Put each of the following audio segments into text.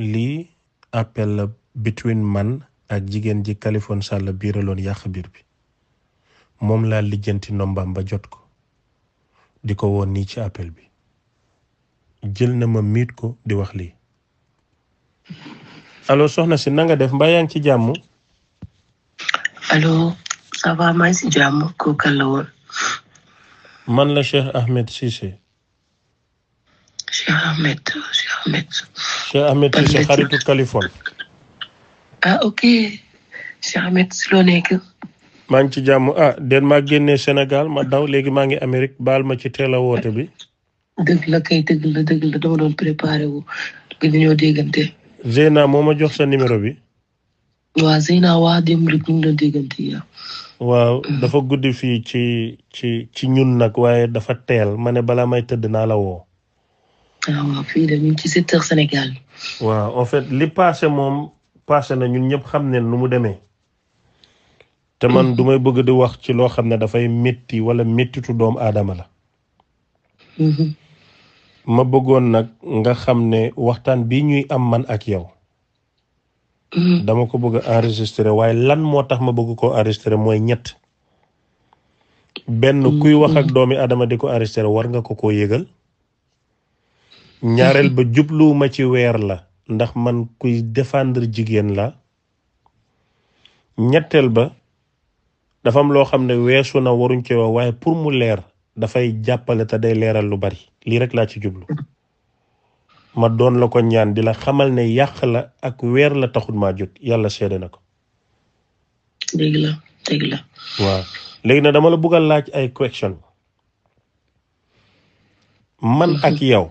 li appel between man ak jigen ji Kaliphone Sall biiraloon yàq biir bi mom la lijeenti nombam ba jot ko di won ni ci appel bi jël na ma mit ko di wax li allo soxna ci na nga def mba yang ci jamm allo ça va ma ci si ko kalawon man la Cheikh Ahmed cisse Ahmed. Cheikh ah, ngi ci jàmm ah den maa ma daw léegi maa ngi Amérique baal ma ci teel woote bi. dëgg la kay dëgg la dëgg la dama doon préparé wu gën ñoo déggante. Zeyna moo ma jox sa numéro bi. waaw dafa guddi fii ci ci ci ñun nag waaye dafa teel ma ne balaa may tëdd naa la woo. waaw ah, waaw fii fait li paase moom passé na ñun ñëpp xam ne nu mu demee te man mm. dumay bëgg di wax ci loo xam ne dafay métti walla méttitu doomu aadama la mm-hmm. ma bëggoon nag nga xam ne waxtaan bi ñuy am man ak yow mm-hmm. dama ko bëgg a waaye lan moo tax ma bëgg ko enregistré mooy ñett benn mm-hmm. kuy wax ak doomi adama di ko enregistré war nga ko ko yëgal ñaareel ba jubluwuma ci weer la ndax man kuy défendre jigéen la ñetteel ba dafa am loo xam ne weesu na waruñ ci waaye pour mu leer dafay jàppale te day leeral lu bari lii rek laa ci jublu ma doon la ko ñaan di la xamal ne yàq la ak weer la taxul ma jot yàlla seede na ko. dëgg léegi nag dama la bëgg laaj ay question man ak mhm. yow.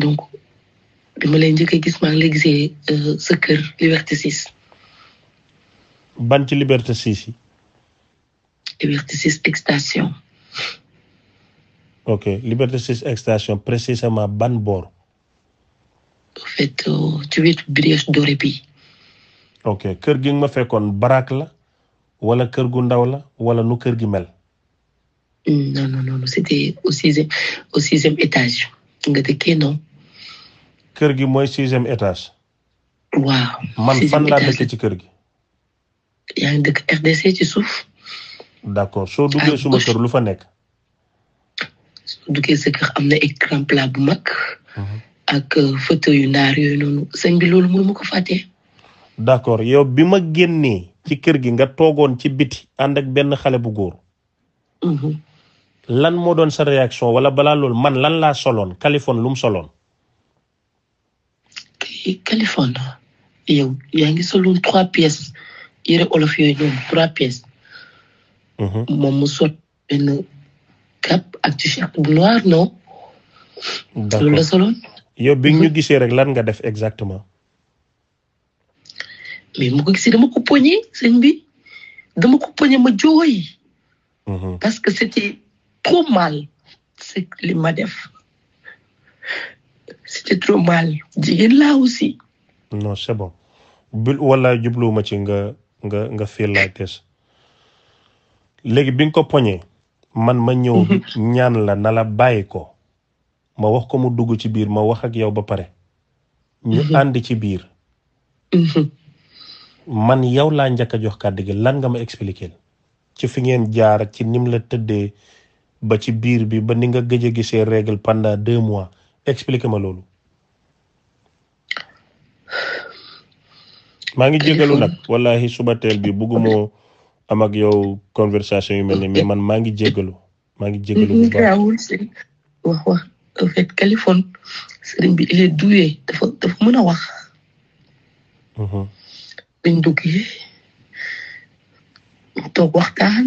donc bi ma lay njëkkee gis ma ngi gisé euh sa kër Liberté 6. ban ci Liberté 6 Liberté 6 extension. ok Liberté 6 extension précisément ban bor en fait tu euh, ci wetu Brioche Dorée bi. ok kër gi ma fekkoon barak la wala kër gu ndaw la wala nu kër gi mel. Hmm, non non non c'était au 6e au sixième étage. nga dëkkee non. kër gi mooy sixième étage. waaw man fan la dëkk ci kër gi. yaa ngi dëkk RDC ci suuf. d'accord soo duggee suma kër lu fa nekk. soo duggee sa kër am na écran plat bu mak mhm. ak euh, fauteuil yu ndaar yooyu noonu sëñ bi loolu mënu ma ko d'accord yow bi ci kër gi nga togon ci biti ànd ak benn xale bu lan mo doon sa reaction wala bala lol man lan la solon kalifon lum solon soloon. Kaliphone yow yaa ngi soloon trois pièces yere olof yoy noonu 3 pièces. hmm mom mu sot benn cap ak ci shirt bu noir non. d'accord solon yo soloon. bi ñu mhm. gisé rek lan nga def exactement. mais mu ko gisé dama ko poñe sëñ bi dama ko poñe ma jooy. Mhm. parce que c'était trop mal ce que ma def c'était trop mal jigéen laa aussi non c'est bon wala jubluwuma ci nga nga nga feel like this léegi bi man ma ñëw mhm. ñaan la nala la bàyyi ko ma wax ko mu dugg ci biir ma wax ak yow ba pare ñu mhm. ànd ci biir mhm. man yow laa njëkk a jox kàddu gi lan nga ma expliquer ci fi ngeen jaar ci nim la ba ci biir bi ba ni nga gëjë a gisee règle pendant deux mois explique ma loolu maa ngi jégalu nag wallahi suba teel bi bugguma am ak yow conversation yu mel ni mais man maa ngi jégalu maa ngi jégalu bu mhm, baax wax wax en fait téléphone sëriñ bi il est doué dafa dafa mën a wax biñ mhm. duggee toog waxtaan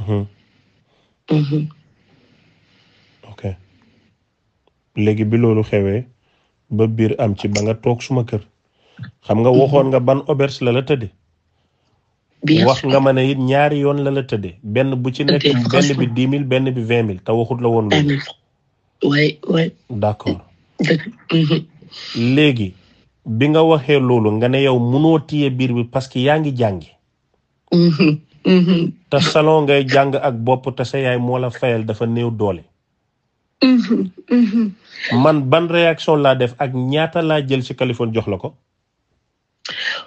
Mm -hmm. ok léegi bi loolu xewee ba biir am ci ba nga toog suma kër. xam nga mm-hmm. waxoon nga ban auberge la la tëddee. wax nga ma ne it ñaari yoon la la tëddee. benn bu ci nekk benn bi dix benn bi vingt mille te waxut la woon loolu. waay waay. Mm-hmm. léegi bi nga waxee loolu nga ne yow munoo téye biir bi parce que yaa ngi jàngi. Mm-hmm. ta salon ngay jang ak bop ta sa yaay mo la fayal dafa new doole mm-hmm. Mm-hmm. man ban reaction la def ak ñaata la jël ci Kaliphone jox lako kalifon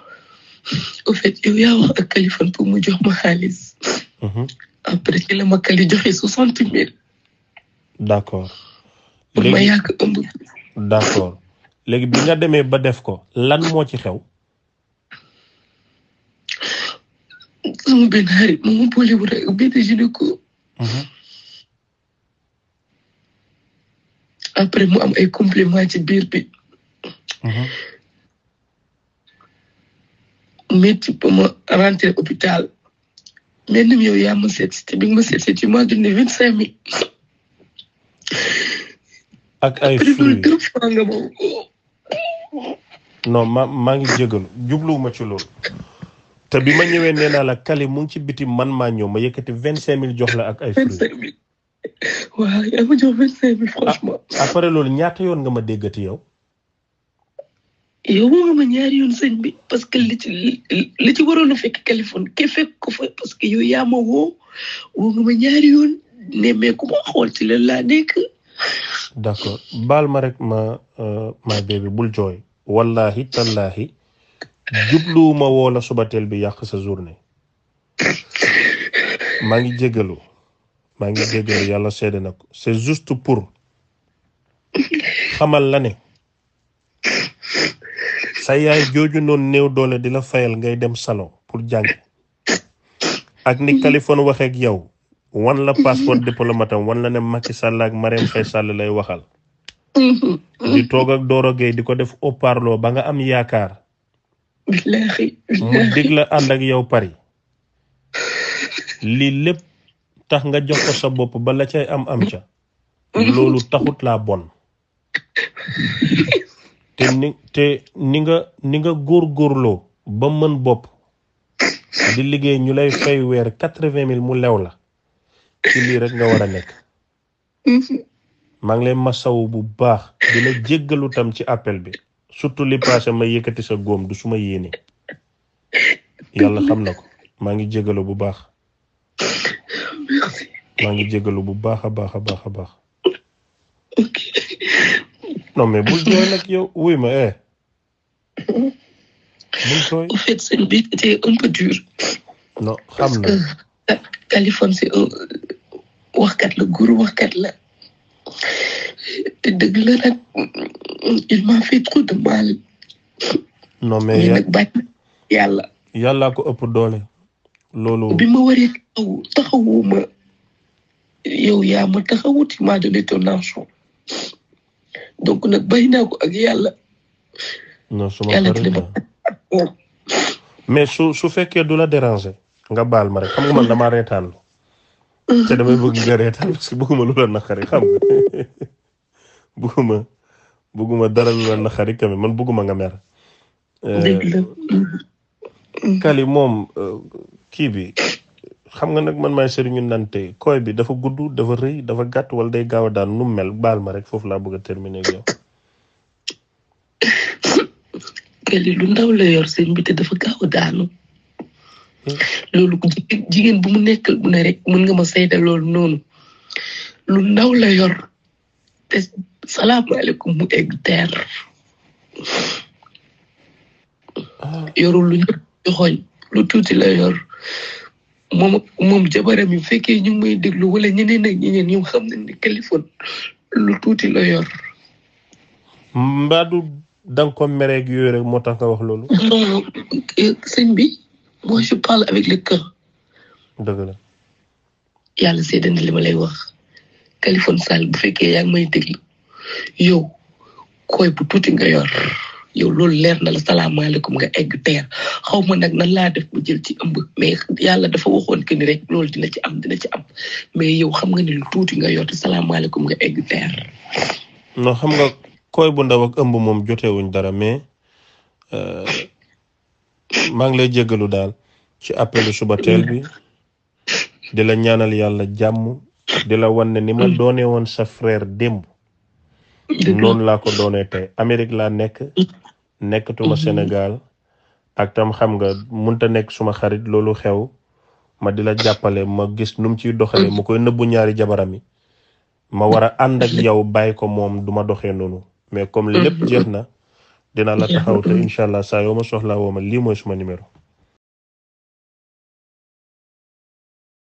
au fait yow ya wax ak Kaliphone pour mu jox ma xaalis après ci la ma joxe d'accord d'accord légui bi nga ba def ko lan ci xew sama benn xarit moom boole bu rek benn gynéco. après mu am ay compléments ci biir bi. métti ba ma hôpital. mais ni mu yow yaa ma seet si te bi nga ma si tu m'as donné vingt cinq mille. ak ay fruits ma maa ngi jégalu jubluwuma ci loolu. te bi ma ñëwee nee la kale mu ci biti man maa ñëw ma yëkkati vingt cinq mille jox la ak ay waaw yaa ma jox vingt cinq mille franchement. Ah, après loolu ñaata yoon nga ma déggati yow. yow moo ma ñaari yoon sëñ bi parce que li ci li ci waroon a fekk Californie ke fekk ko fa parce que yow yaa ma woo woo nga ma ñaari yoon ne mais ku xool ci lan laa nekk. d' accord baal ma rek euh, bul jooy. wallahi tallahi jubluwuma woo la subateel bi yàq sa journée maa ngi jégalu maa ngi jégalu yàlla seede na ko c'est juste pour xamal la ne sa yaay jooju noonu néew doole di la fayal ngay dem salon pour jàng ak ni Kaliphone waxeek ak yow wan la passeport diplomate wan la ne Macky Sall ak Marème Faye lay waxal. di toog ak Doro di ko def haut ba nga am yaakaar. mu dig la ak yow pari li lepp tax nga jox ko sa bop ba la cey am am ca lolou taxut la bonne te ni te ni nga ni nga gorlo ba mën bop di liggey ñu lay fay wer 80000 mu lew la ci li rek nga wara nek mhm. mang le massaw bu baax dina jéggalu tam ci appel bi surtout li passé ma yëkëti sa gom du suma yéene yalla xam na ko ma ngi jéggalo bu baax ma ngi jéggalo bu baaxa baaxa baaxa baax non mais bu jooy nak yow wuy ma eh bu jooy en fait seen bi était un peu dur non xam na téléphone euh, c'est euh, kat la guru kat la te la nak il m'a fait trop de mal. non mais nag bàyyi yàlla. yàllaa ko ëpp doole. loolu bi ma waree taxawu taxawu ma yow yaa ma taxawuti ma donné ton argent donc nag bàyyi naa ko ak yàlla. non su ma mais su su fekkee du la déranger. nga baal ma rek xam na man damaa reetaan. te damay bëgg nga reetaan parce que bëgguma lu la bëgguma dara lu la naxari tamit man bëgguma nga mer. Euh, Kali moom euh, kii bi xam nga nag man maay sëriñu nante koy bi dafa gudd dafa rëy dafa gàtt wala day gaaw a daan nu mel baal ma rek foofu laa bëgg a terminer ak Kali lu ndaw la yor sëñ bi te dafa gaaw a daanu. Eh? loolu jigéen bu mu nekkal bu ne rek mën nga ma sayda loolu noonu lu ndaw la yor te salaamaaleykum mu egg teer yorul lu ñu joxoñ lu tuuti la yor moom moom jabaram yi fekkee ñu ngi may déglu wala ñeneen ak ñeneen ñu xam ne ni Kaliphone lu tuuti la yor. Mbadu da nga ko ak yooyu rek moo tax nga wax loolu. non euh, sëñ bi moi je parle avec le cœur. dëgg la. yàlla seede li ma lay wax Kaliphone Sall bu fekkee yaa ngi may déglu. yow koy bu tuuti nga yor yow loolu leer na la salaamaaleykum nga egg teer xaw ma nag nan laa def bu jël ci ëmb mais yàlla dafa waxoon que ni rek loolu dina ci am dina ci am mais yow xam nga ni nga yor te nga egg xam nga koy bu ndaw ak ëmb moom jotewuñ dara mais euh, maa ngi lay jéggalu daal ci appelu suba teel bi di la ñaanal yàlla jàmm di la wan ne ni ma doone woon sa frère démb. noonu laa ko doonee tey Amérique laa nekk. nekkatuma senegal ak tam xam nga mun munta nekk suma xarit loolu xew. ma di la jàppale ma gis nu mu ciy doxalee mu koy nëbbu ñaari jabaram yi. ma war a ànd ak yow bàyyi ko moom duma ma doxee noonu. mais comme lépp jeex na. dina la taxaw te incha saa yoo ma soxlaa woo ma lii mooy suma numéro.